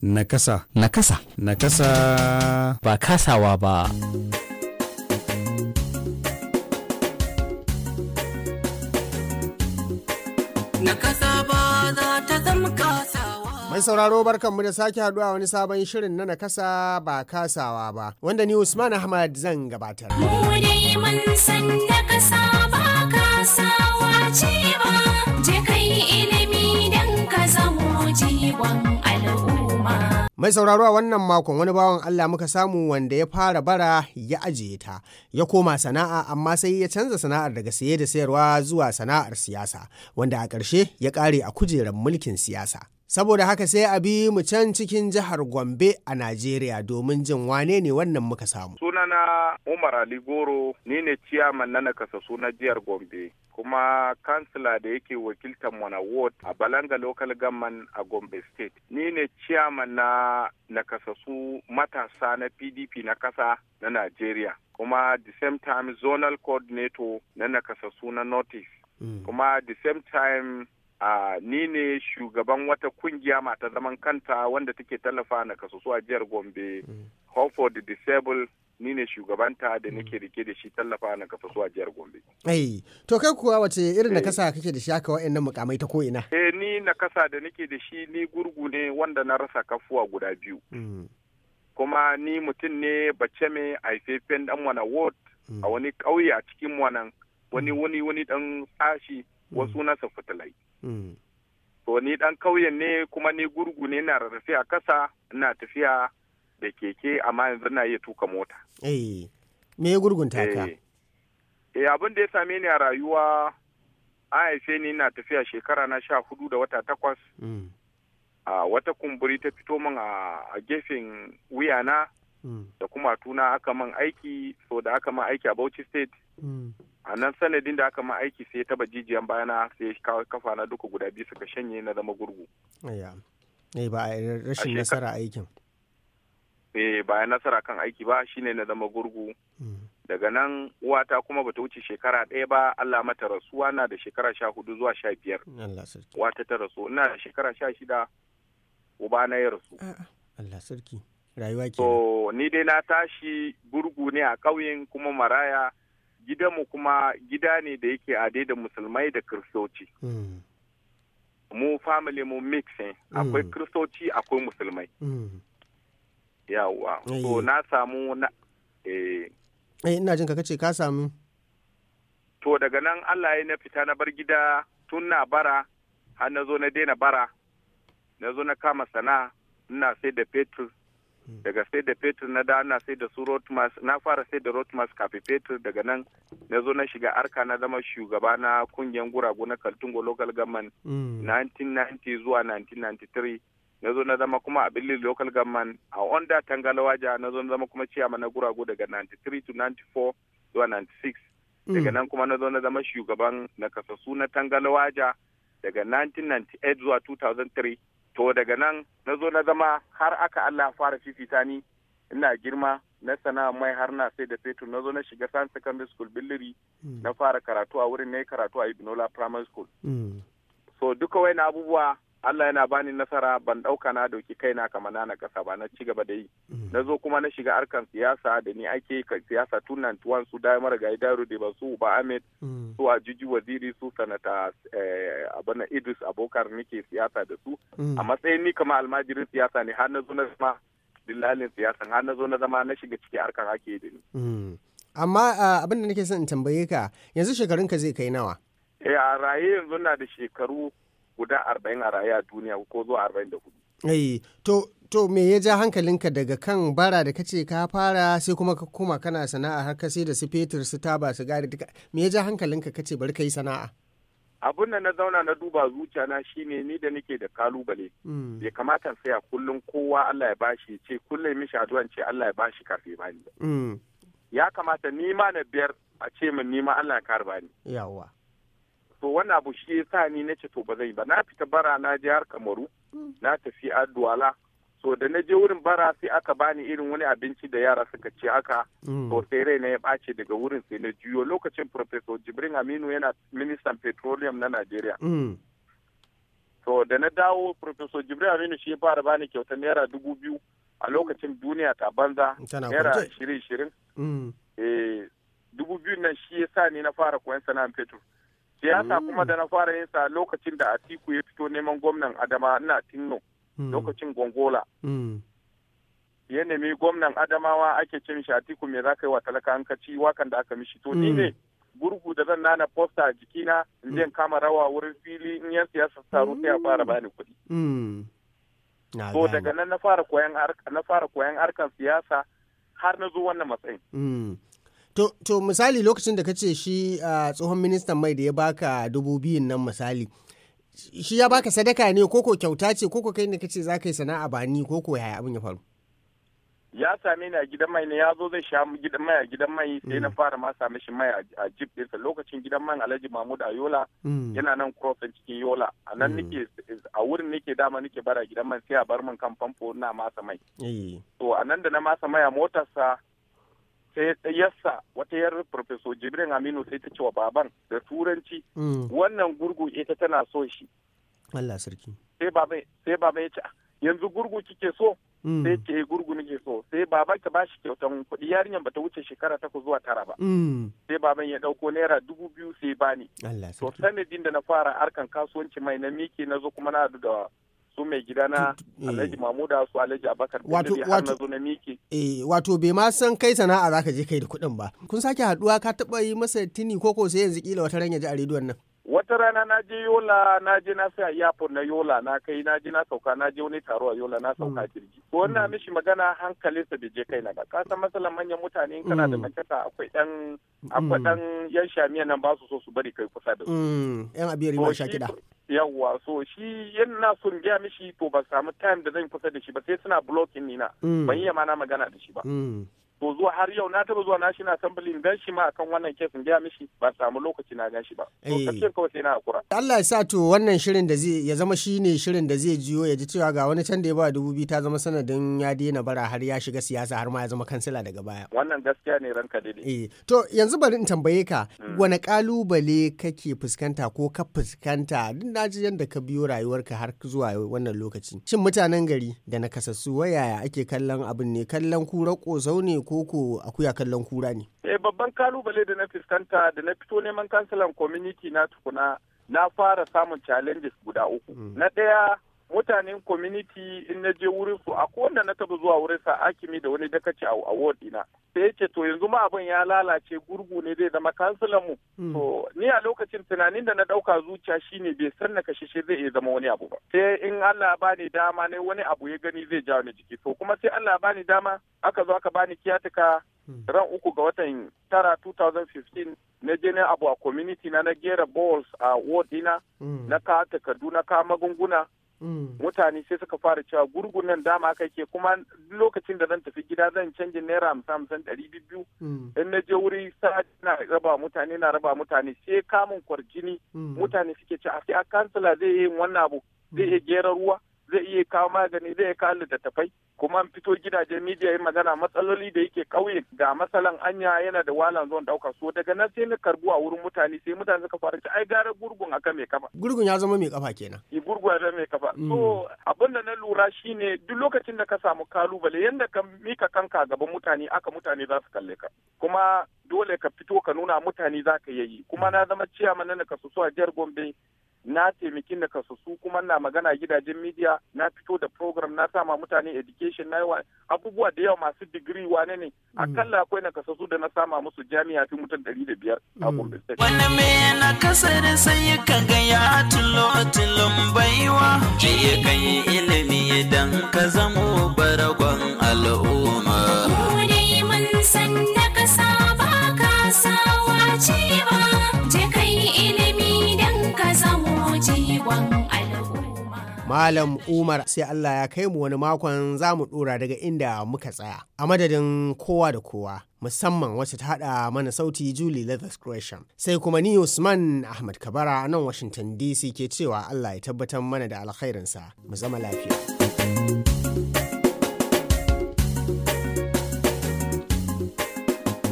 Nakasa. Nakasa. Nakasa. Ba kasawa ba. Nakasa ba za ta zama kasawa. Mai sauraro barkanmu da sake haduwa wani sabon shirin na nakasa ba kasawa ba, wanda ni Usman Ahmad zan gabatar. Mu dai mun san nakasa ba kasawa ce ba, Mai sauraro a wannan makon wani bawan Allah muka samu wanda ya fara bara ya ajiye ta, ya koma sana'a amma sai ya canza sana'ar daga saye da sayarwa zuwa sana'ar siyasa, wanda a ƙarshe ya ƙare a kujerar mulkin siyasa. Saboda haka sai a bi mu can cikin jihar Gombe a Najeriya domin jin wane ne wannan muka samu. Sunana Umar Ali Goro ni ne ciyaman na nakasa suna jihar Gombe kuma kansila da yake wakiltar mana ward a Balanga Local Government a Gombe State. Ni ne ciyaman na su matasa na PDP na kasa na Najeriya kuma the same time zonal coordinator na su na notice Mm. Kuma the same time Uh, ni ne shugaban wata kungiya mata zaman kanta wanda take tallafa na kasusu a jihar Gombe, mm. Hope for the Disabled, ni ne shugabanta da mm. nake rike da shi tallafa na kasusu a jihar Gombe. Eh, to kai kuwa wace irin eh. na kasa kake da shi haka wa'annan mukamai ta ko'ina? Eh, ni na kasa da nake da shi ni gurgu ne wanda na rasa kafuwa guda biyu. Mm. Kuma ni mutum ne bace mai haifafen dan wani ward mm. a wani ƙauye a cikin wani mm. wani wani dan sashi wasu mm. nasa fitilai. Mm. To ni ɗan kauyen ne kuma ni gurgu ne na rarrafe a kasa na tafiya da keke amma yanzu na iya tuka mota. Eh, me gurgun ta ka? Eh, eh, abin da ya same ni a rayuwa an haife ni na tafiya shekara na sha hudu da wata takwas. Mm. A wata kumburi ta fito min a gefen wuyana mm. da kuma tuna aka man aiki so da aka man aiki a Bauchi State. a nan sanadin da aka ma aiki sai ya taba jijiyan bayana sai ya kawo kafa na duka guda biyu suka shanye na zama gurgu ne eh, ba a rashin nasara aikin eh ba nasara kan aiki ba shine na zama gurgu hmm. daga nan uwata kuma bata wuce shekara ɗaya ba Allah mata rasuwa na da shekara sha hudu zuwa sha biyar wata ta rasu ina da shekara sha shida uba na ya rasu Allah sarki rayuwa ke so ni dai na tashi gurgu ne a ƙauyen kuma maraya gidanmu kuma gida ne da yake ade da musulmai da kristoci. Hmm. mu family mu mix ne hmm. akwai kristoci akwai musulmai hmm. yawwa eh. so na samu na eh. eh ina jin ka kace ka samu to daga nan Allah ya na fita na bar gida tun na bara har na zo na daina bara na zo na kama sana'a ina sai da fetur daga sai da fetur na da ana sai da su rotmas na fara sai da rotmas kafin fetur daga nan na zo na shiga arka na zama shugaba na kungiyar guragu na kaltungo local government 1990 mm. zuwa 1993 na zo na zama kuma a billi local government a onda tangalawaja na zo na zama kuma ciyama na guragu daga 93 to 94 zuwa 96 mm. daga nan kuma na zo na zama shugaban na kasasu na tangalawaja daga 1998 zuwa 2003 to daga nan na zo na zama har aka Allah fara fifita ni ina girma na sana mai har na sai da fetur na zo na shiga san secondary school billiri hmm. na fara karatu a wurin na yi karatu a ibnola primary school hmm. so duka wani abubuwa Allah yana bani nasara ban ɗauka na doki kaina kamar na kasa ba na ci gaba da yi. Mm. Na zo kuma na shiga harkan siyasa da ni ake siyasa tun nan tuwan su da mara gaida daro da ba su ba Ahmed mm. su a jiji waziri su sanata eh, abana Idris Abokar nake siyasa da su. Mm. A matsayin ni kamar almajirin siyasa ne har na zo na zama dillalin siyasa har na zo na zama na shiga ciki harkan ake da ni. Amma abin da nake son in tambaye ka yanzu ka zai kai nawa? Eh a raye yanzu na da shekaru guda arba'in a raye a duniya ko zuwa arba'in da hudu. to to me ya ja hankalinka daga kan bara da kace ka fara sai kuma ka koma kana sana'a har ka sai da su fetur su taba su gari duka me ya ja hankalinka kace bari ka yi sana'a. abun da na zauna na duba zuciya na shine ni da nake da kalubale hmm. bai kamata saya kullum kowa Allah ya bashi ce kullum mishi addu'a ce Allah ya bashi kafin bani hmm. ya kamata ni ma na biyar a ce min ni ma Allah ya kar bani yawa to wani abu shi ya sa ni na ce to ba zai ba na fita bara na je har kamaru mm. na tafi adduala so da na je wurin bara sai aka bani irin wani abinci da yara suka ci haka mm. to sai rai na ya bace daga wurin sai na juyo lokacin professor jibrin aminu yana ministan petroleum na nigeria mm. to da na dawo professor jibrin aminu shi ya fara bani kyautar naira dubu biyu a lokacin duniya ta banza naira shirin shirin eh, dubu biyu nan shi ya sa ni na fara koyon sana'ar petrol siyasa hmm. kuma da na fara yin sa lokacin da atiku ya fito neman gwamnan adama ina tinno hmm. lokacin gongola hmm. ya nemi gwamnan adamawa ake cin shi atiku me za ka yi wa talaka an kaci wakan da aka mishi to ni ne gurgu da zan nana posta a jikina in kama rawa wurin fili in yan siyasa taro sai a fara bani kuɗi. to daga nan na fara koyan harkan siyasa har na zo wannan matsayin. To, misali lokacin da ka ce shi a tsohon ministan mai da ya baka dubu biyun nan misali shi ya baka sadaka ne koko kyauta ce koko kai ne ka ce za ka yi sana'a ba ni koko yaya abin ya faru. Ya same ni a gidan mai ne ya zo zai sha gidan mai a gidan mai sai na mm. fara ma same shi mai a jib ɗinsa lokacin gidan mai Alhaji Mahmud a Yola mm. yana nan crossing cikin Yola a nan mm. nake a wurin nake dama nake bara gidan mai sai a bar min kan famfo na masa mai. Eh. To a nan da na masa mai a motarsa sai eh, eh, yassa wata yar Profesor jibrin aminu sai ta ce wa baban da turanci mm. wannan gurgu ita tana so shi Allah sarki sai baba ya ce ah, yanzu gurgu kike so mm. sai ce eh, gurgu nake so sai baban ta bashi kyautan kuɗi yarinyar bata wuce shekara takwas zuwa tara ba mm. sai baban ya dauko naira dubu biyu sai bani to sanadin da na fara harkan kasuwanci mai na miki na zo kuma na da su mai gidana alhaji eh. mamuda su alhaji abakar wato wato na miki eh, wato bai ma san kai sana'a zaka je kai da kuɗin ba kun sake haduwa ka taba yi masa tini ko sai yanzu kila wata ran ji a rediyon nan wata rana na je yola na je na sai airport na yola na kai na je na sauka na je wani taro a yola na sauka mm. jirgi ko wannan mm. mishi magana hankalinsa bai je kai na ba kasan matsalan manyan mutane in kana da mm. makata akwai dan akwai dan yan shamiya nan ba su so su bari kai kusa da su yan abiyar ma sha kida yawwa so shi yana son biya mishi to ba samu time da zan kusa da shi ba sai suna blocking ni na ban yi ma magana da shi ba to zuwa har yau na taba zuwa national assembly gan shi ma akan wannan in gaya mishi ba samu lokaci na gan ba to eh. kafin kawai sai na hakura Allah ya sa to wannan shirin da zai ya zama shine shirin da zai jiyo ya ji cewa ga wani can da ya ba dubu biyu ta zama sanadin ya daina bara har ya shiga siyasa har ma ya zama kansila daga baya wannan gaskiya ne ranka daidai eh to yanzu bari in tambaye ka hmm. wani kalubale kake fuskanta ko ka fuskanta duk na ji yadda ka biyo rayuwarka har zuwa wannan lokaci shin mutanen gari da na nakasassu wayaya ake kallon abin ne kallon kura ƙosau zaune. koko akuya kallon kura ne? Eh babban kalubale da na fuskanta da na fito neman kansilan community na tukuna na fara samun challenges guda uku. Mm. Na ɗaya mutanen community in na je wurin su a kowanne na taba zuwa wurin sa akimi da wani dakaci a award dina sai ce to yanzu ma abin ya lalace gurgu ne zai zama kansilan mu mm. to ni a lokacin tunanin da na dauka zuciya shine bai san na kashe shi zai iya zama wani abu ba sai in Allah ba ni dama ne wani abu ya gani zai jawo ni jiki to kuma sai Allah ba ni dama aka zo aka bani kiyatuka mm. ran uku ga watan tara 2015 na je na abu a community na na gera balls a ward dina mm. na ka takardu na ka magunguna Mm. mutane sai suka fara cewa gurgun nan dama aka ke kuma lokacin da zan tafi gida zan canjin naira hamsin hamsin ɗari biyu mm. in na je wuri sa'ad na raba mutane na raba mutane sai kamun kwarjini mm. mutane suke ce a a kansila zai yi wannan abu zai iya gera ruwa zai iya kawo magani zai kawo littattafai kuma an fito gidaje midiya yin magana matsaloli da yake kauye. ga masalan anya yana da walan zuwan ɗauka so daga nan sai na karbu a wurin mutane sai mutane suka fara ai gara gurgun akan mai kafa. Gurgun ya zama mai kafa kenan. I eh, gurgun ya zama mai kafa. So abin da na lura shine duk lokacin da ka samu kalubale yanda ka mika kanka gaban mutane aka mutane za su kalle ka. Kuma dole ka fito ka nuna mutane za ka yi kuma na zama ciyaman na kasu a jihar Gombe na taimaki na kasassu kuma na magana gidajen media na fito da program na sama mutane education na yawa abubuwa da yawa masu digiri wane ne mm. akalla akwai na kasassu da na sama musu jami'a fi mutum ɗari da biyar a mm. Gombe State. Wani me yana da sai ka ga ya tulo tulon baiwa ya yi ilimi idan ka zamo baragon al'umma. Malam Umar sai Allah ya kai mu wani makon za mu ɗora daga inda muka tsaya. A madadin kowa da kowa, musamman wacce ta haɗa mana sauti Julie Leathers Gresham. Sai kuma ni Usman Ahmad Kabara nan Washington DC ke cewa Allah ya tabbatar mana da alkhairinsa. Mu zama lafiya.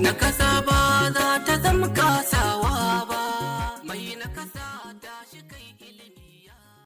na kasa ba ta zama kasa